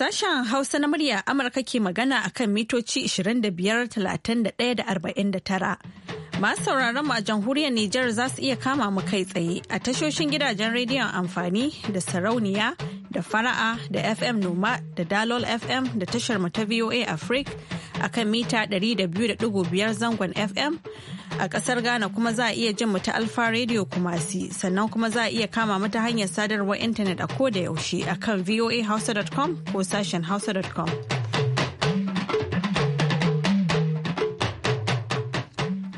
Sashen Hausa na murya Amurka ke magana a kan mitoci 25,31,49. Masu sauraron mu a jamhuriyar Nijar za su iya kama mu kai tsaye a tashoshin gidajen rediyon amfani da sarauniya da fara'a da FM Noma da Dalol FM da tashar mu ta VOA Africa akan mita 200.5 zangon FM. A ƙasar Ghana kuma za a iya jin mu ta Alfa Radio Kumasi sannan kuma za a iya kama mu ta hanyar sadarwar intanet a ko da yaushe akan voahausa.com ko sashen hausa.com.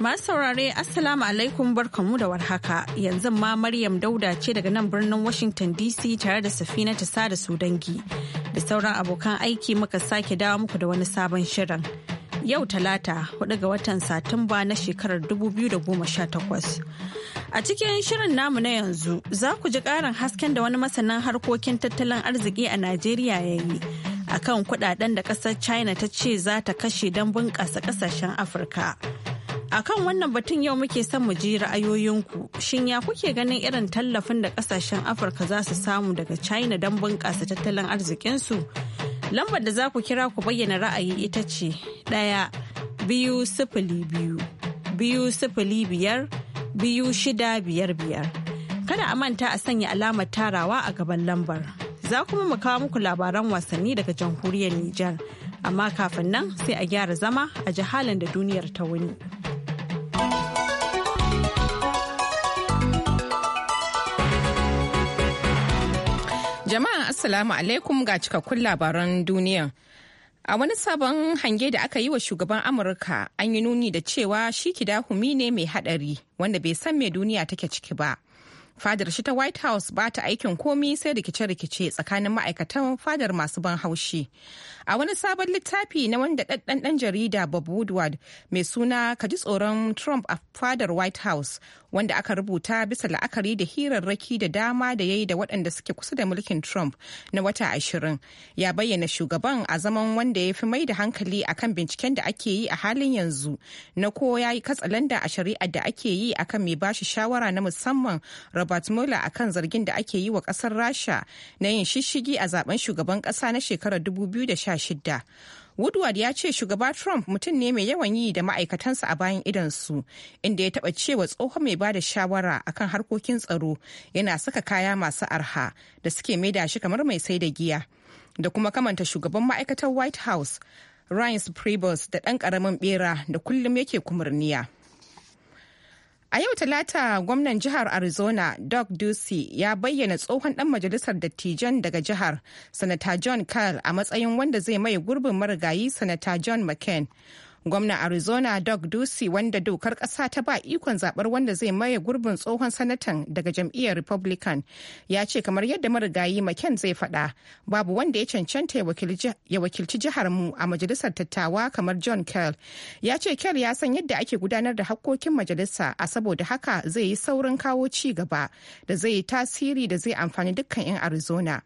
Masu saurare Assalamu alaikum barkamu da warhaka yanzu ma Maryam Dauda ce daga nan birnin Washington DC tare da safina ta sada su dangi da sauran abokan aiki muka sake dawo muku da wani sabon shirin. Yau talata hudu ga watan Satumba na shekarar 2018. A cikin shirin namu na yanzu za ku ji ƙarin hasken da wani masanin harkokin tattalin arziki a Najeriya ya yi. akan kudaden da kasar china ta ce za ta kashe don bunƙasa ƙasashen afirka a kan wannan batun yau muke son mu ji ra'ayoyinku shin ya kuke ganin irin tallafin da kasashen afirka za su samu daga china don bunƙasa tattalin arzikinsu lambar da za ku kira ku bayyana ra'ayi ita ce ɗaya biyu sifili biyu biyu sifili biyar biyu shida biyar biyar kada a manta a sanya alamar tarawa a gaban lambar za kuma mu kawo muku labaran wasanni daga jamhuriyar nijar amma kafin nan sai a gyara zama a jihalin da duniyar ta wuni. Jama'a Assalamu alaikum ga cikakkun labaran duniya. A wani sabon hange da aka yi wa shugaban Amurka an yi nuni da cewa shi kidahumi ne mai hadari wanda bai san mai duniya take ciki ba. fadar shi ta white house ba ta aikin komi sai rikice-rikice tsakanin ma'aikatan fadar masu ban haushi a wani sabon littafi na wanda ɗanɗan jarida bob woodward mai suna kaji tsoron trump a fadar white house wanda aka rubuta bisa la'akari da hirarraki da dama da yayi da waɗanda suke kusa da mulkin trump na wata ashirin ya bayyana shugaban a zaman wanda ya fi mai da hankali akan binciken da ake yi a halin yanzu na ko ya yi katsalanda a shari'ar da ake yi akan mai bashi shawara na musamman Robert Mueller a kan zargin da ake yi wa ƙasar Rasha na yin shishigi a zaben shugaban ƙasa na shekarar 2016. Woodward ya ce shugaba Trump mutum ne mai yawan yi da ma'aikatansa a bayan idansu, inda ya taɓa cewa tsoho mai bada shawara akan harkokin tsaro yana saka kaya masu arha da suke maida shi kamar mai sai da giya. Da kuma kamanta shugaban ma'aikatar White House, Ryan Priebus da ɗan ƙaramin bera da kullum yake kumurniya. A yau Talata gwamnan jihar Arizona Doug Ducey ya bayyana tsohon dan majalisar dattijan daga jihar Sanata John Kyle a matsayin wanda zai mai gurbin marigayi Sanata John McCain. gwamnan arizona doug ducey wanda dokar kasa ta ba ikon zabar wanda zai maye gurbin tsohon sanatan daga jam'iyyar republican ya ce kamar yadda marigayi mccain zai fada babu wanda ya cancanta ya wakilci jihar mu a majalisar tattawa kamar john kell ya ce kell ya san yadda ake gudanar da hakkokin majalisa a saboda haka zai yi saurin kawo ci gaba da zai yi tasiri da zai amfani dukkan 'yan arizona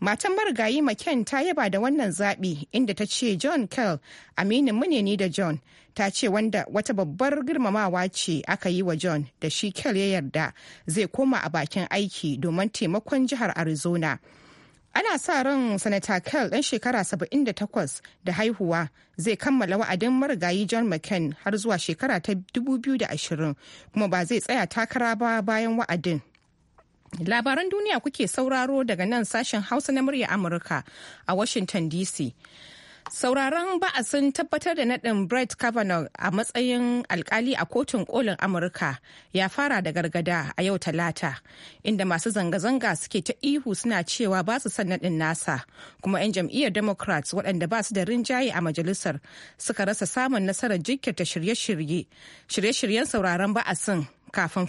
Matan marigayi maken ta yaba da wannan zaɓi inda ta ce John Kell aminin mu ni da John. Ta ce wanda wata babbar girmamawa ce aka yi wa John da shi Kell ya yarda zai koma a bakin aiki domin taimakon jihar Arizona. Ana sa ran Sanata Kell ɗan shekara 78 da haihuwa zai kammala wa'adin marigayi John McCain har zuwa shekara ta 2020 kuma ba zai tsaya takara ba bayan wa'adin. Labaran duniya kuke sauraro daga nan sashen Hausa na murya Amurka a Washington DC. Sauraron ba'asin tabbatar da naɗin Brett Kavanaugh a matsayin alkali a kotun kolin Amurka ya fara da gargada a yau talata, inda masu zanga-zanga suke ta ihu suna cewa ba su son naɗin nasa, kuma 'yan jam'iyyar Democrats waɗanda ba su da rinjaye a majalisar suka rasa samun nasarar jinkirta shirye-shiryen sauraron ba'asin kafin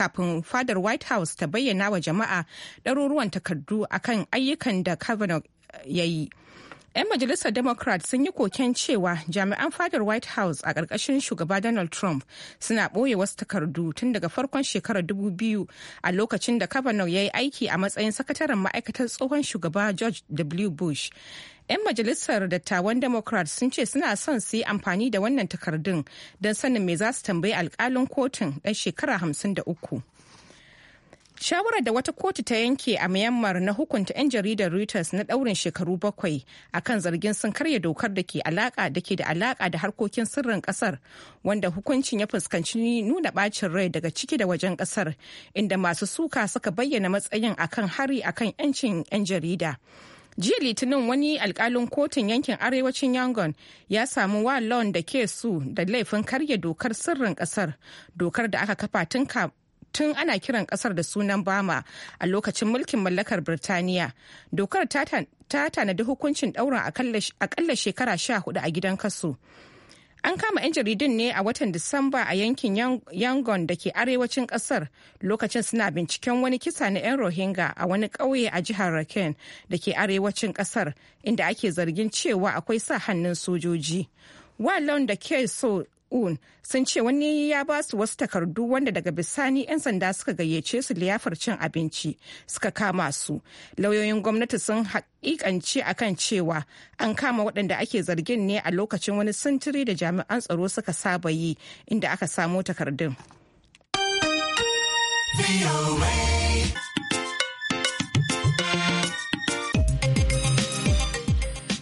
kafin fadar white house ta bayyana wa jama'a ɗaruruwan takardu akan ayyukan da kavanaugh eh, ya yi 'yan majalisar democrat sun yi koken cewa jami'an fadar white house a ƙarƙashin shugaba donald trump suna ɓoye wasu takardu tun daga farkon shekarar 2000 a lokacin da kavanaugh ya yi aiki a matsayin sakataren ma'aikatar tsohon shugaba george w bush 'Yan majalisar dattawan Democrat sun ce suna son su yi amfani da wannan takardun don sanin mai za su tambayi alkalin kotun ɗan shekara hamsin da uku shawarar da wata kotu ta yanke a myanmar na hukunta 'yan jaridar reuters na daurin shekaru bakwai akan zargin sun karya dokar da ke alaka da ke da alaka da harkokin sirrin kasar wanda hukuncin ya fuskanci nuna bacin rai daga ciki da wajen kasar inda masu suka suka bayyana matsayin akan hari akan 'yancin 'yan jarida jiya litinin wani alkalin kotun yankin arewacin yangon ya samu wa lawan da ke su da laifin karya dokar sirrin kasar dokar da aka kafa tun tun ana kiran kasar da sunan bama a lokacin mulkin mallakar birtaniya dokar ta tanadi hukuncin ɗaurin akalla shekara sha hudu a gidan kasu. An kama 'yan jaridun ne a watan Disamba a yankin Yangon da ke arewacin kasar lokacin suna binciken wani kisa na 'yan Rohingya a wani ƙauye a jihar Rakhine da ke arewacin kasar inda ake zargin cewa akwai sa hannun sojoji. Wallon da ke so un sun ce wani ya ba su wasu takardu wanda daga bisani 'yan sanda suka gayyace su liyafar cin abinci suka kama su lauyoyin gwamnati sun hakikanci kan cewa an kama waɗanda ake zargin ne a lokacin wani sintiri da jami'an tsaro suka saba yi inda aka samo takardun.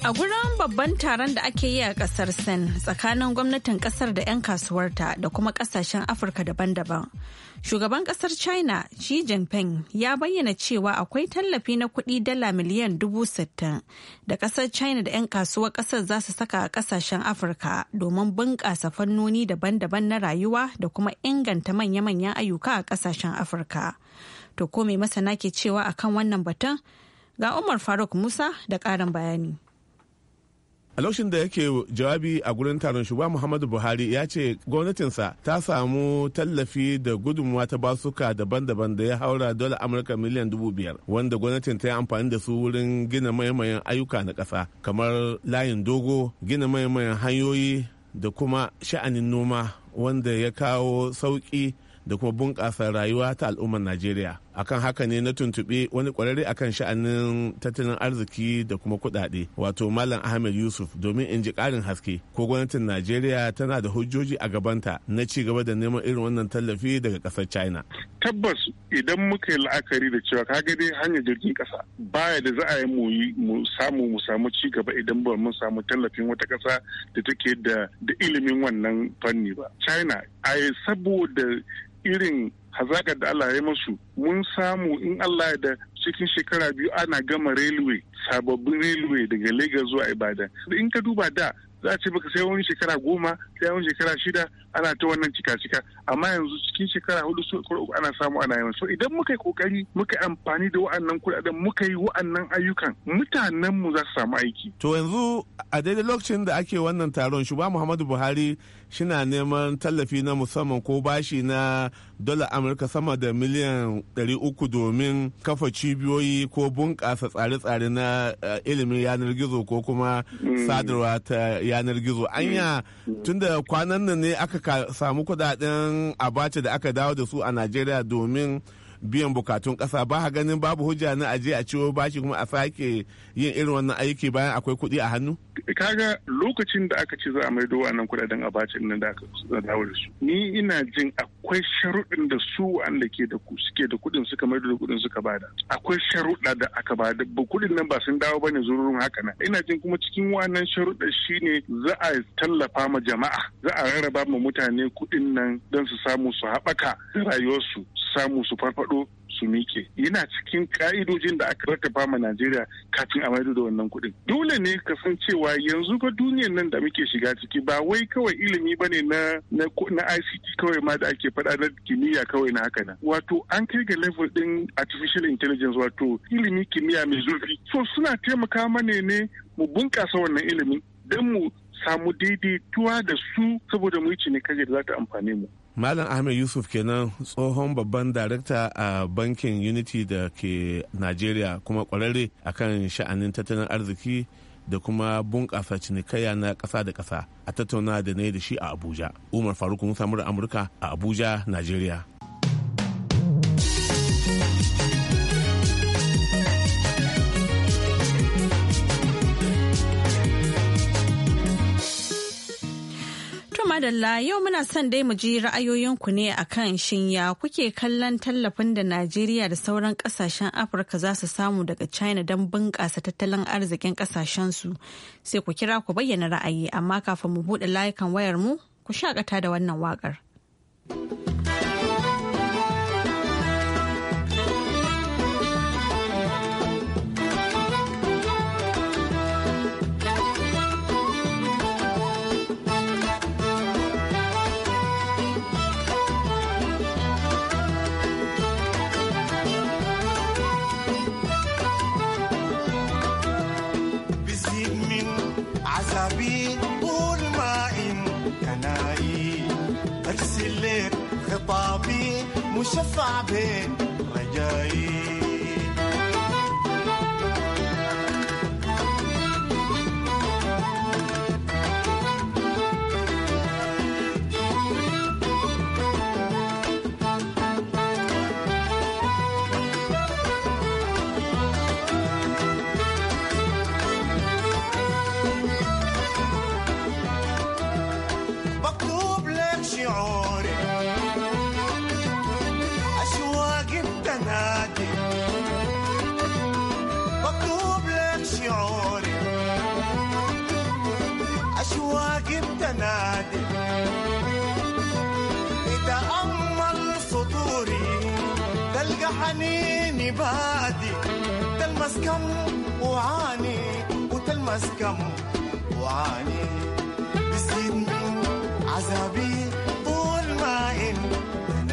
A gurin babban taron da ake yi a kasar Sin tsakanin gwamnatin kasar da 'yan kasuwarta da kuma kasashen Afirka daban-daban. Shugaban kasar China Xi Jinping ya bayyana cewa akwai tallafi na kuɗi dala miliyan dubu sittin da kasar China da 'yan kasuwar kasar za su saka a kasashen Afirka domin bunƙasa fannoni daban-daban na rayuwa da kuma inganta manya-manyan ayyuka a kasashen Afirka. To ko mai masana ke cewa akan wannan batun? Ga Umar Faruk Musa da ƙarin bayani. a lokacin da yake jawabi a gurin taron shugaba muhammadu buhari ya ce gwamnatinsa ta samu tallafi da gudunmuwa ta basuka daban-daban da ya haura dola amurka miliyan dubu biyar wanda gwamnatin ta yi amfani da su wurin gina mayamayan ayyuka na ƙasa kamar layin dogo gina mayamayan hanyoyi da kuma sha'anin noma wanda ya kawo sauƙi da kuma bunƙasa rayuwa ta al'ummar najeriya akan haka ne na tuntuɓe wani kwararre akan sha'anin tattalin arziki da kuma kuɗaɗe wato malam ahmed yusuf domin in ji ƙarin haske ko gwamnatin najeriya tana da hujjoji a gabanta na ci gaba da neman irin wannan tallafi daga ƙasar china tabbas idan muka yi la'akari da cewa kaga dai hanyar jirgin ƙasa baya da za a yi mu samu mu samu ci gaba idan ba mu samu tallafin wata ƙasa da take da ilimin wannan fanni ba china a saboda irin hazakar da Allah ya masu mun samu in Allah da cikin shekara biyu ana gama railway sababbin railway daga Lagos zuwa Ibadan in ka duba da za a ce baka sai wani shekara goma sai wani shekara shida ana ta wannan cika-cika amma yanzu cikin shekara hudu su uku ana samu ana yawan so idan muka yi kokari muka yi amfani da wa'annan kudaden muka yi wa'annan ayyukan mutanen mu za su samu aiki to yanzu a daidai lokacin da ake wannan taron shugaba Muhammadu Buhari shina neman tallafi na musamman ko bashi na dola amurka sama da miliyan 300 domin kafa cibiyoyi ko bunƙasa tsare-tsare na eh, ilimin yanar gizo ko kuma mm. sadarwa ta yanar gizo anya mm. tunda kwanan nan ne aka samu kudaden abace da aka dawo da su a najeriya domin biyan bukatun kasa ba ganin babu hujja na aje a ciwo bashi kuma a sake yin irin wannan aiki bayan akwai kuɗi a hannu? kaga lokacin da aka ce za a maido wannan kuɗaɗen a bacin nan da aka dawo da su ni ina jin akwai sharuɗin da su wanda ke da ku suke da kuɗin suka maido da kuɗin suka bada akwai sharuɗa da aka bada ba kuɗin nan ba sun dawo bane zururun haka nan ina jin kuma cikin wannan sharuɗa shine za a tallafa ma jama'a za a rarraba ma mutane kuɗin nan don su samu su haɓaka rayuwarsu samu su farfado su miƙe yana cikin ka'idojin da aka rattaba ma Najeriya kafin a maido da wannan kuɗin dole ne ka san cewa yanzu ga duniyar nan da muke shiga ciki ba wai kawai ilimi bane na na na ICT kawai ma da ake faɗa na kimiyya kawai na haka nan wato an kai ga level din artificial intelligence wato ilimi kimiyya mai zurfi so suna taimaka mana ne mu bunƙasa wannan ilimin don mu samu daidaituwa da su saboda mu yi cinikayya da za ta amfane mu malam ahmed yusuf kenan tsohon babban darakta a bankin unity da ke nigeria kuma kwararre akan sha'anin tattalin arziki da kuma bunƙasa cinikayya na ƙasa da ƙasa a tattauna da na yi da shi a abuja umar faruk musa amurka a abuja nigeria madalla yau muna son dai mu ji ra'ayoyinku ne a kan shinya kuke kallon tallafin da Najeriya da sauran kasashen Afirka za su samu daga China don bunƙasa tattalin arzikin kasashensu sai ku kira ku bayyana ra'ayi amma kafin mu buɗe layukan wayar mu ku shakata da wannan waƙar. Bobby, Musha Fabi, حنيني بادي تلمس كم وعاني وتلمس كم وعاني بزيد عذابي طول ما انت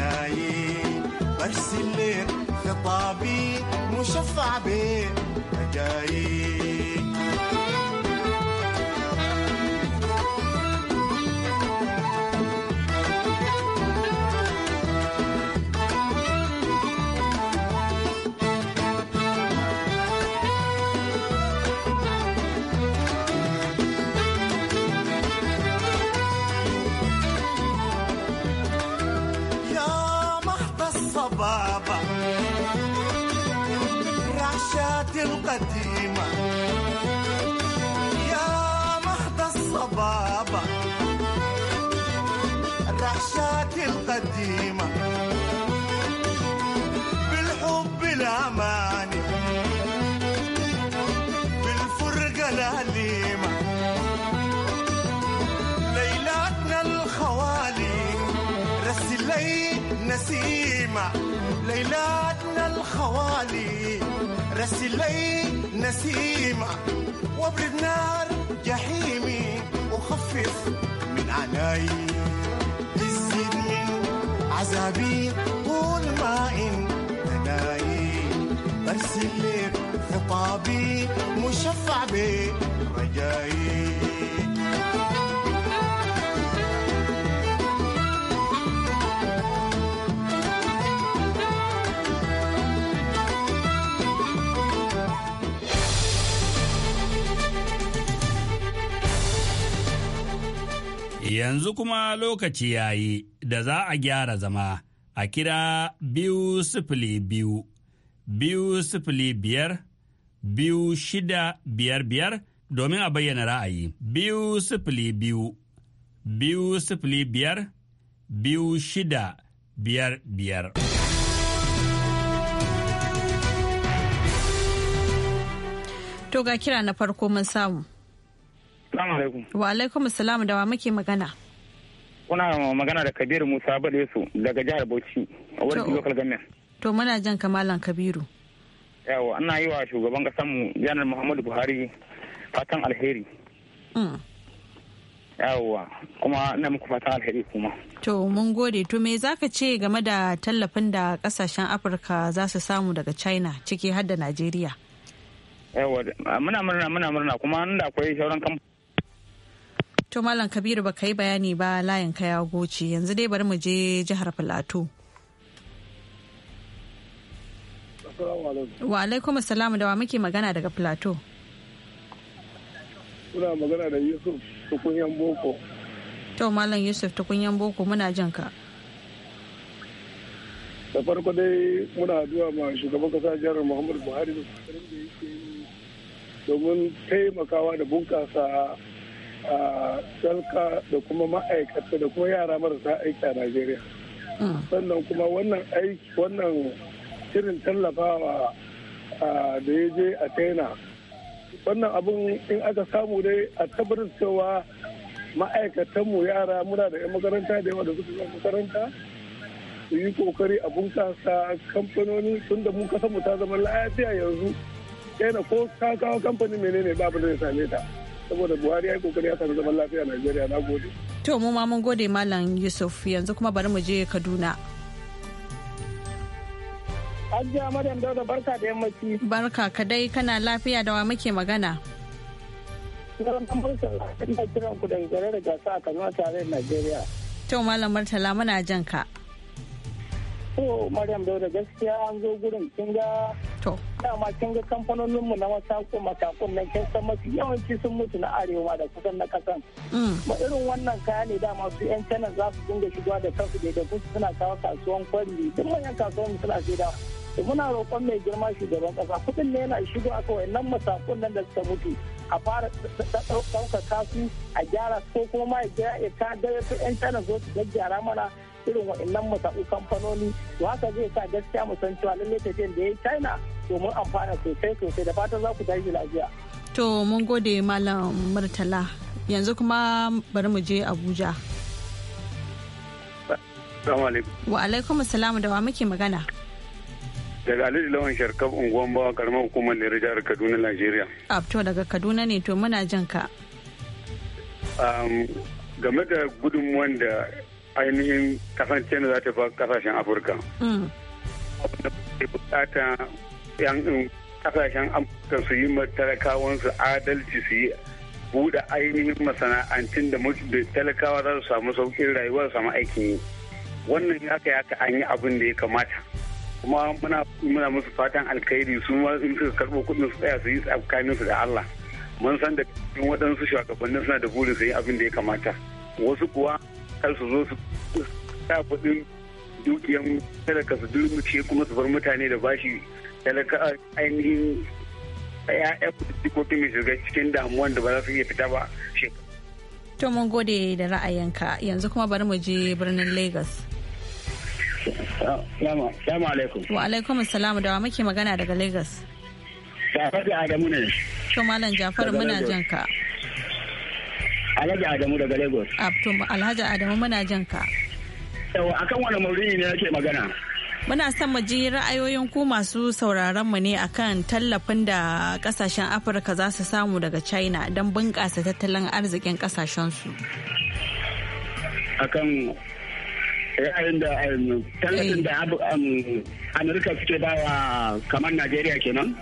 نايم برسل لك خطابي مشفع بين مجايب القديمة يا محض الصبابة الرحشات القديمة بالحب الأماني بالفرقة الأليمة ليلاتنا الخوالي رس الليل نسيمة ليلاتنا الخوالي رس الليل نسيمة وابرد نار جحيمي وخفف من عناي الزيد من عذابي طول ما انت نايم برسل لك خطابي مشفع رجائي Yanzu kuma lokaci ya yi da za a gyara zama a kira biyu sifili biyu, biyu sifili biyar, biyu shida biyar biyar domin a bayyana ra'ayi. Biyu sifili biyu, biyu sifili biyar, biyu shida biyar biyar. To ga kira na farko mun samu. Assalamu alaikum. Wa alaikum da wa muke magana. Kuna magana da Kabiru Musa su daga jihar Bauchi a wurin local government. To muna jan kamalan Kabiru. Yawa ana yi wa shugaban kasanmu Janar Muhammadu Buhari fatan alheri. Mm. Yawa kuma ina muku fatan alheri kuma. To mun gode to me zaka ce game da tallafin da kasashen Afirka za su samu daga China ciki har da Najeriya? Yawa muna murna muna murna kuma inda akwai sauran kamfani. to malam kabiru baka yi bayani ba layin ka ya goce yanzu dai bari mu je jihar filato wa alaikum assalamu da wa muke magana daga filato muna magana da yusuf tukunyan boko to malam yusuf tukunyan boko muna jin ka da farko dai muna addu'a ma shugaban kasa jihar muhammadu buhari da domin taimakawa da bunkasa salka da kuma ma'aikata da kuma yara marasa aiki a najeriya sannan kuma wannan aiki wannan shirin tallafawa da ya je a taina wannan abun in aka samu dai a tabbatar cewa ma'aikatanmu yara muna da 'yan makaranta da yawa da suka makaranta su yi kokari a bunkasa kamfanoni tun da mun kasa mu ta zama lafiya yanzu yana ko ka kawo kamfanin menene babu da ya same ta saboda buhari ya yi kokari ya sami zaman lafiya a najeriya na gode to mu ma mun gode malam yusuf yanzu kuma bari mu je kaduna Hajiya Maryam Dauda barka da yammaci. Barka ka dai kana lafiya da wa muke magana. Garan ina kiran ku dangane da gasa a Kano tare Najeriya. To Malam Murtala muna jan ka. to maryam dauda gaskiya an zo gurin kin ga dama kin ga kamfanonin mu na masako masakon nan kin san mafi yawanci sun mutu na arewa da kusan na kasan mm. ma irin wannan kaya ne dama su yan canan za su dinga shigowa da kansu da su suna kawo kasuwan kwalli duk manyan kasuwan suna da muna roƙon mai girma shugaban ƙasa kudin ne yana shigo aka nan masakon nan da suka mutu a fara ɗaukaka su a gyara ko kuma ya ta su yan canan zo su gyara mana irin waɗannan masau kamfanoni to haka zai sa gaskiya mu san cewa lallai tafiyan da ya china domin amfana sosai sosai da fatan za ku tashi lafiya. to mun gode malam murtala yanzu kuma bari mu je abuja. wa alaikum salamu da wa muke magana. daga alhaji lawan sharkaf unguwan bawa karamar hukumar ya jihar kaduna nigeria to daga kaduna ne to muna jinka. ka game da gudunmuwan da ainihin kasan china za ta fi kasashen afirka mm. bukata yan kasashen amurka su yi talakawansu adalci su yi buɗe ainihin masana'antun da talakawa za su samu saukin rayuwa su samu aikin yi wannan ya ka yaka an yi abin da ya kamata kuma muna musu fatan alkhairi su ma in suka karɓo kuɗin su tsaya su yi tsakanin su da Allah mun san da cikin waɗansu shugabannin suna da burin su yi abin da ya kamata wasu kuwa kan su zo su sa kuɗin dukiyan talaka su durmuce kuma su bar mutane da bashi talaka ainihin ya'ya kuɗi kuma shiga cikin damuwan da ba za su iya fita ba to mun gode da ra'ayinka yanzu kuma bari mu je birnin lagos Salamu alaikum. Wa alaikum salam da wa muke magana daga Lagos. Jafaru Adamu ne. Shin Malam Jafar muna jan ka. Alhaji Adamu daga Lagos. Abtum ah, Alhaji Adamu muna jin ka. Yau akan wani maudu'i ne yake magana? Muna son mu ji ra'ayoyin ku masu sauraron mu ne akan tallafin da kasashen Afirka za su samu daga China don bunƙasa tattalin arzikin kasashen su. Akan ra'ayin da um, tallafin da um, Amurka suke bawa kamar Najeriya kenan?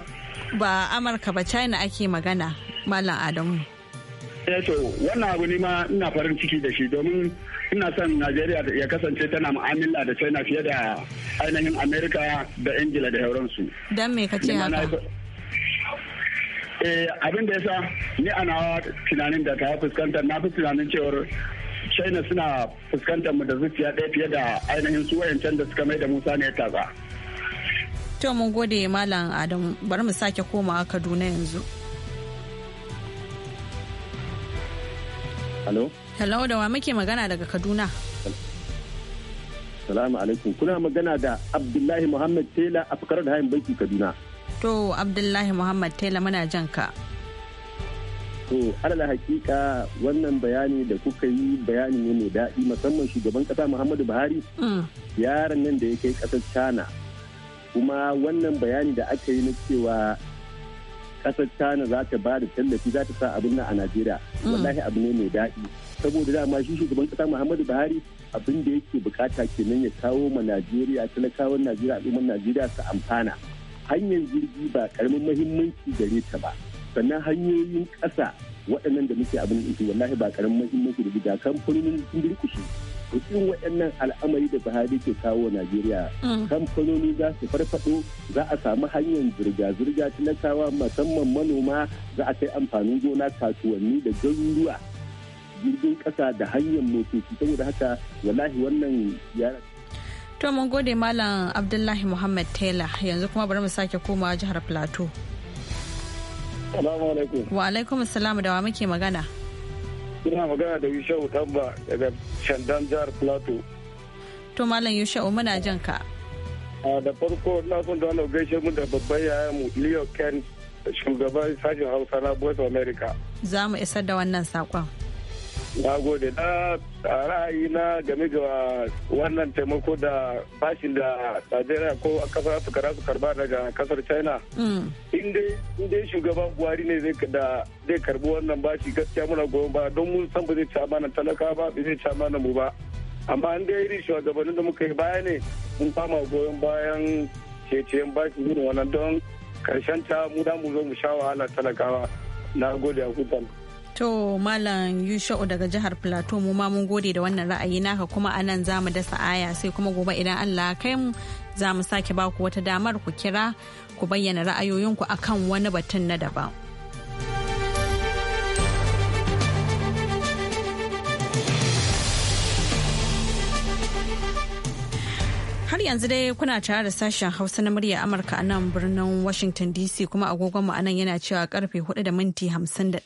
Ba Amurka ba China ake magana, Malam Adamu. eh to wannan abu ne ma ina farin ciki da shi domin ina son najeriya ya kasance tana mu'amala da china fiye da ainihin america da ingila da hauransu don me ka ce haka eh, abin da ya ni ana tunanin da ta fuskantar na fi tunanin cewar china suna fuskantar mu da zuciya ɗaya fiye da ainihin su wayancan da suka mai da musa ne taza to mun gode malam adamu bari mu sake komawa kaduna yanzu Hello? Hello da wa muke magana daga Kaduna. Salamu alaikum kuna magana da Abdullahi Muhammad Tela a fakarar da hayan banki Kaduna. To Abdullahi Muhammad Tela muna jan ka. To alal hakika wannan bayani da kuka yi bayani ne mai daɗi musamman shugaban ƙasa Muhammadu Buhari mm. yaran nan da ya kai ƙasar China kuma wannan bayani da aka yi na cewa kasar china za ta ba da tallafi za ta sa abin nan a najeriya mm. wallahi abu ne mai daɗi saboda dama shi shugaban kasa muhammadu buhari abin da yake bukata kenan ya kawo ma najeriya talakawan najeriya al'ummar najeriya su amfana hanyar jirgi ba karamin mahimmanci gare ta ba sannan hanyoyin ƙasa waɗannan da muke abin da wallahi ba karamin muhimmanci da ga kamfanonin sun durkushe to waɗannan al'amari da buhari ke kawo najeriya mm. kamfanoni za su farfado za a samu hanyar zirga-zirga talakawa musamman manoma za a kai amfanin gona kasuwanni da garuruwa jirgin ƙasa da hanyar motoci saboda haka wallahi wannan ya. to mun gode malam abdullahi muhammad taylor yanzu kuma bari mu sake komawa jihar plateau wa alaikum salam da wa muke magana Ina magana da Yushau Tamba daga Shandan jihar Plateau. To Malam Yushau muna jan ka. Da farko na son da wani gaishe mu da babban yaya mu Leo Ken shugaban sashen Hausa na Voice America. Za mu isar da wannan sakon. na gode na ra'ayi na game ga wannan taimako da bashin da najeriya ko kasar afirka za su karba daga kasar china mm. inda shugaban buhari ne zai karbi wannan bashi gaskiya muna goyon ba don mun san ba zai ci amana talaka ba ba zai ci amana mu ba amma an dai irin shugabannin da muka yi baya ne mun fama goyon bayan ceceyen bashi irin wannan don karshen ta mu da mu zo mu sha wahala talakawa na gode a hutan. To Malam Yusha'u daga jihar Plateau mu ma mun gode da wannan ra'ayi naka kuma anan za mu dasa aya sai kuma gobe idan Allah kai mu za mu sake baku wata damar ku kira ku bayyana ra'ayoyinku akan wani batun na daban. yanzu dai kuna tare da sashen Hausa na murya Amurka a nan birnin Washington DC kuma agogonmu a nan yana cewa karfe 4 da minti 51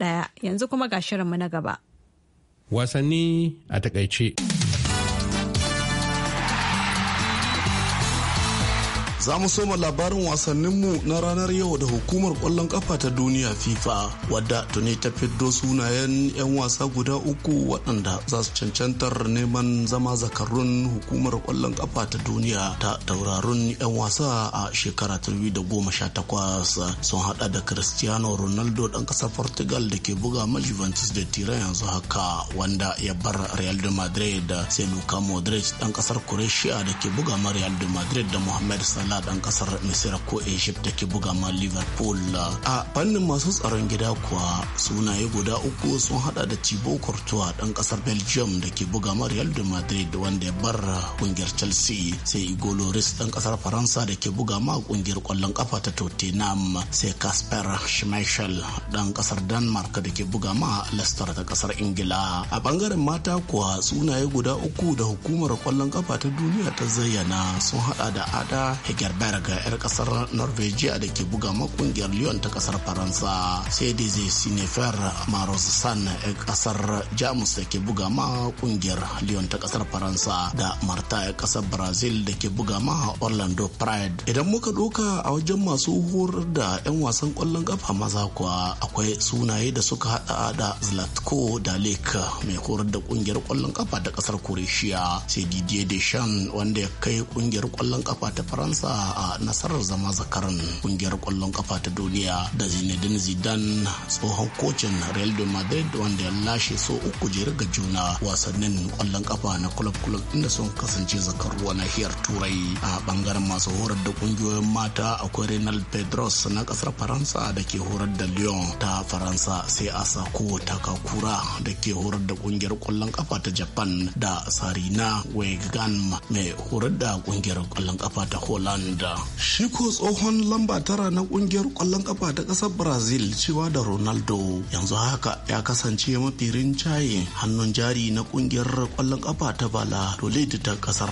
yanzu kuma ga shirinmu na gaba. Wasanni a takaice. Za mu soma labarin wasanninmu na ranar yau da hukumar kwallon kafa ta duniya FIFA wadda tuni ta fiddo sunayen 'yan wasa guda uku waɗanda za su cancantar neman zama zakarun hukumar kwallon kafa ta duniya ta taurarun 'yan wasa a shekara da goma sha takwas. sun hada da Cristiano Ronaldo ɗan ƙasar Portugal da ke buga ma Juventus da Tira yanzu haka wanda ya bar Real de Madrid da Luka Modric ɗan ƙasar Croatia da ke buga ma Real de Madrid da Mohamed Salah na dan kasar Misira ko Egypt da ke buga ma Liverpool. A fannin masu tsaron gida kuwa sunaye guda uku sun hada da cibo kurtuwa dan kasar Belgium da ke buga ma Real de Madrid wanda ya bar kungiyar Chelsea sai Igor Loris dan kasar Faransa da ke buga ma kungiyar kwallon kafa ta Tottenham sai Kasper Schmeichel dan kasar Denmark da ke buga ma Leicester ta kasar Ingila. A bangaren mata kuwa sunaye guda uku da hukumar kwallon kafa ta duniya ta zayyana sun hada da Ada Gerberg yar kasar Norvegia da ke buga ma kungiyar Lyon ta kasar Faransa sai da zai Sinefer Marosan yar kasar Jamus da ke buga ma kungiyar Lyon ta kasar Faransa da Marta yar kasar Brazil da ke buga ma Orlando Pride. Idan muka doka a wajen masu horar da 'yan wasan kwallon kafa maza kuwa akwai sunaye da suka hada da Zlatko Dalek mai horar da kungiyar kwallon kafa ta kasar Croatia sai Didier Deschamps wanda ya kai kungiyar kwallon kafa ta Faransa a nasarar zama zakaran kungiyar kwallon kafa ta duniya da zinedine zidane tsohon kocin real de madrid wanda ya lashe so uku jere ga juna wasannin kwallon kafa na club club inda sun kasance zakaru a nahiyar turai a bangaren masu horar da kungiyoyin mata akwai renal pedros na kasar faransa da ke horar da lyon ta faransa sai a sako takakura da ke horar da kungiyar kwallon kafa ta japan da sarina wegan mai horar da kungiyar kwallon kafa ta holland rwanda shi ko tsohon lamba tara na kungiyar kwallon kafa ta kasar brazil cewa da ronaldo yanzu haka ya kasance mafi rinjaye hannun jari na kungiyar kwallon kafa ta bala Toledo ta kasar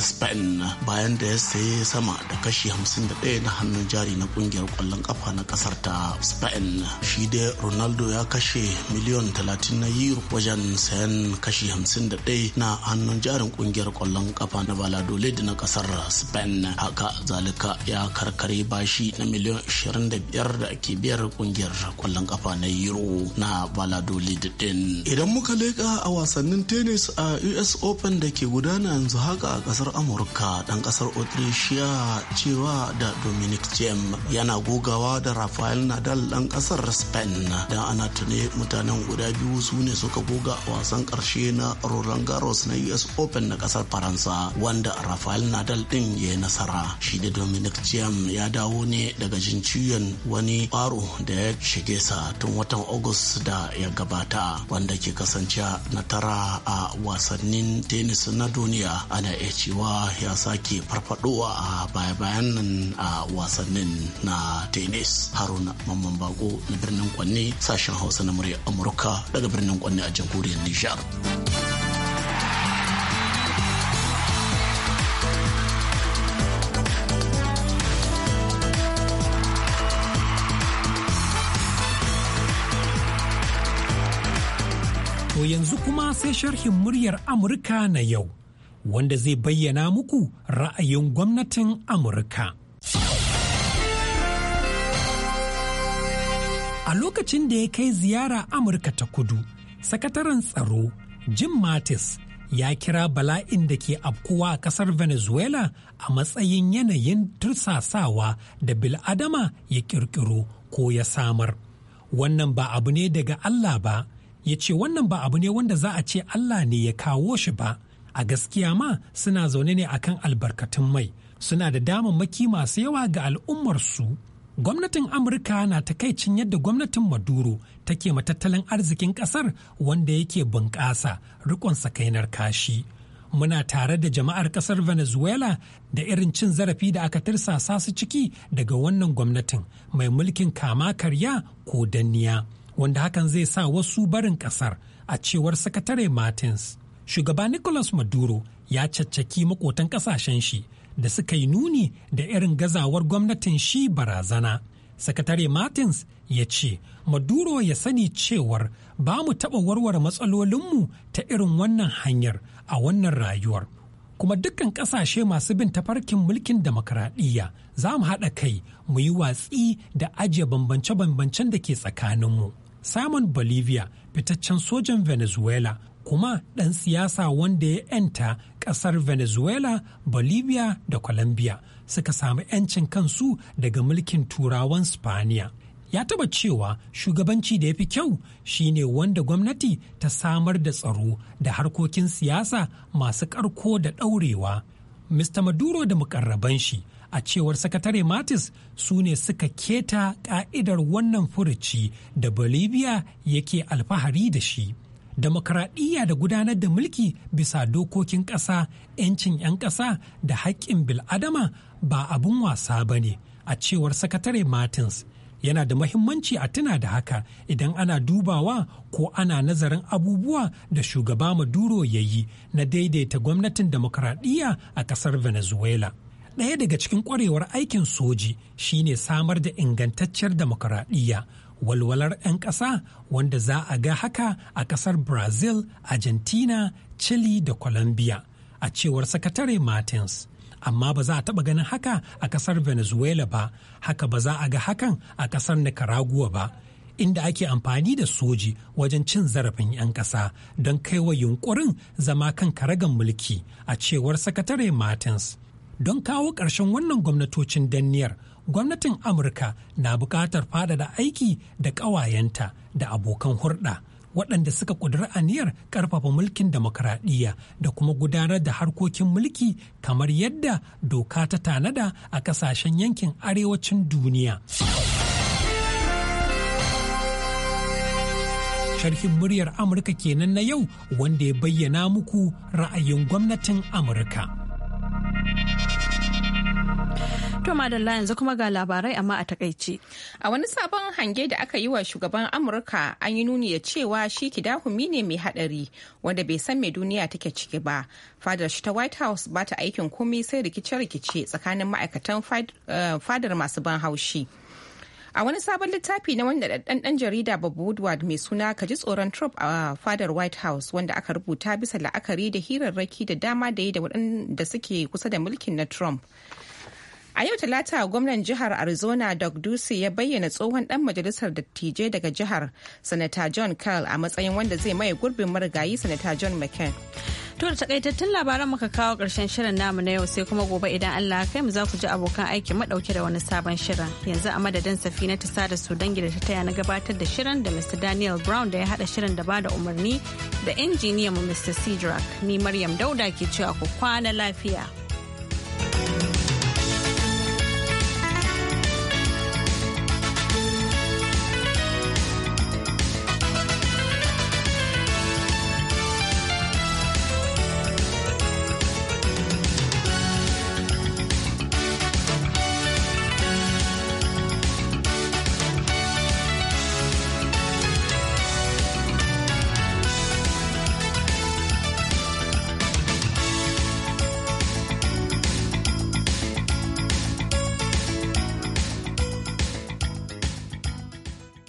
spain bayan da ya saye sama da kashi 51 na hannun jari na kungiyar kwallon kafa na kasar ta spain shi da ronaldo ya kashe miliyon 30 na euro wajen sayan kashi 51 na hannun jarin kungiyar kwallon kafa na bala Toledo na kasar spain haka zalika ya karkare bashi na miliyan 25 da ake biyar kungiyar kwallon kafa na euro na valladolid din idan muka leka a wasannin tennis a us open da ke gudana yanzu haka a kasar amurka dan kasar autricia cewa da dominic jem yana gogawa da rafael nadal dan kasar spain dan ana tune mutanen guda biyu su ne suka goga a wasan karshe na roland garros na us open na kasar faransa wanda rafael nadal din ya yi nasara shi da dominic jam ya dawo ne daga jin wani kwaro da ya shige sa tun watan agus da ya gabata wanda ke kasance na tara a wasannin tenis na duniya ana iya cewa ya sake farfadowa a baya-bayan nan a wasannin na tenis haruna mamman bako na birnin kwanne sashen hausa na murya amurka daga birnin kwanne a jamhuriyar nishar To yanzu kuma sai sharhin muryar Amurka na yau, wanda zai bayyana muku ra'ayin gwamnatin Amurka. A lokacin da ya kai ziyara Amurka ta kudu, sakataren tsaro Jim Mattis ya kira bala'in da ke afkuwa a ƙasar Venezuela a matsayin yanayin tursasawa da bil'adama ya ƙirƙiro ko ya samar. Wannan ba abu ne daga Allah ba. ya ce wannan ba abu ne wanda za a ce Allah ne ya kawo shi ba a gaskiya ma suna zaune ne akan albarkatun mai suna da damammaki masu yawa ga al'ummarsu gwamnatin amurka na takaicin yadda gwamnatin maduro take matattalin arzikin kasar wanda yake bunƙasa rikon sakainar kashi muna tare da jama'ar kasar venezuela da irin cin zarafi da aka tirsasa su ciki daga wannan gwamnatin mai mulkin kama karya ko danniya. wanda hakan zai sa wasu barin kasar a cewar sakatare martins shugaba nicolas maduro ya caccaki makotan kasashen shi da suka yi nuni da irin gazawar gwamnatin shi barazana sakatare martins ya ce maduro ya sani cewar ba mu taɓa warware matsalolinmu ta irin wannan hanyar a wannan rayuwar kuma dukkan kasashe masu bin tafarkin mulkin demokradiyya za mu haɗa kai mu yi watsi da ajiye bambance-bambancen da ke tsakaninmu Samun Bolivia fitaccen sojan Venezuela kuma ɗan siyasa wanda ya 'yanta ƙasar Venezuela, Bolivia da Colombia suka samu 'yancin kansu daga mulkin turawan Spaniya. Ya taba cewa shugabanci da ya fi kyau shine wanda gwamnati ta samar da tsaro da harkokin siyasa masu ƙarko da ɗaurewa. Mr. Maduro da mukarraban shi a cewar sakatare matis su ne suka keta ka'idar wannan furuci da bolivia yake alfahari da shi Demokradiyya da gudanar da mulki bisa dokokin ƙasa 'yancin 'yan ƙasa da haƙƙin bil'adama ba abun wasa ba ne a cewar sakatare martins yana da mahimmanci a tuna da haka idan ana dubawa ko ana nazarin abubuwa da shugaba maduro ya yi na daidaita gwamnatin demokradiyya a ƙasar venezuela ɗaya daga cikin ƙwarewar aikin soji shine samar da ingantacciyar demokuraɗiyya walwalar 'yan ƙasa wanda za a ga haka a ƙasar brazil argentina chile da colombia a cewar sakatare martins amma ba za a taɓa ganin haka a ƙasar venezuela ba haka ba za a ga hakan a ƙasar nicaragua ba inda ake amfani da soji wajen cin zarafin 'yan ƙasa don kaiwa yunkurin zama kan karagan mulki a cewar sakatare martins don kawo ƙarshen wannan gwamnatocin danniyar gwamnatin amurka na buƙatar faɗaɗa aiki da ƙawayenta da abokan hurɗa, waɗanda suka ƙudiri aniyar ƙarfafa mulkin demokuraɗiyya da kuma gudanar da harkokin mulki kamar yadda doka ta tanada a ƙasashen yankin arewacin duniya. Sharhin muryar Amurka kenan na yau wanda ya bayyana muku ra'ayin gwamnatin Amurka. To madalla yanzu kuma ga labarai amma a takaice. A wani sabon hange da aka yi wa shugaban Amurka an yi nuni da cewa shi kidahumi ne mai hadari wanda bai san mai duniya take ciki ba. Fadar shi ta White House ba ta aikin komai sai rikice-rikice tsakanin ma'aikatan eh, fadar masu ban haushi. a wani sabon littafi na wanda ɗanɗan jarida bob woodward mai suna ka ji tsoron trump a fadar white house wanda aka rubuta bisa la'akari da hirarraki da dama da yi da waɗanda suke kusa da mulkin na trump A yau Talata gwamnan jihar Arizona Doug Ducey ya bayyana tsohon dan majalisar dattijai daga jihar Sanata John Kyle a matsayin wanda zai maye gurbin marigayi Sanata John McCain. To da takaitattun labaran muka kawo karshen shirin namu na yau sai kuma gobe idan Allah kai mu za ku ji abokan aiki madauke da wani sabon shirin. Yanzu a madadin safina ta sada su dangi da ta taya na gabatar da shirin da Mr. Daniel Brown da ya hada shirin da bada umarni da injiniyan mu Mr. Cedric. Ni Maryam Dauda ke cewa ku kwana lafiya.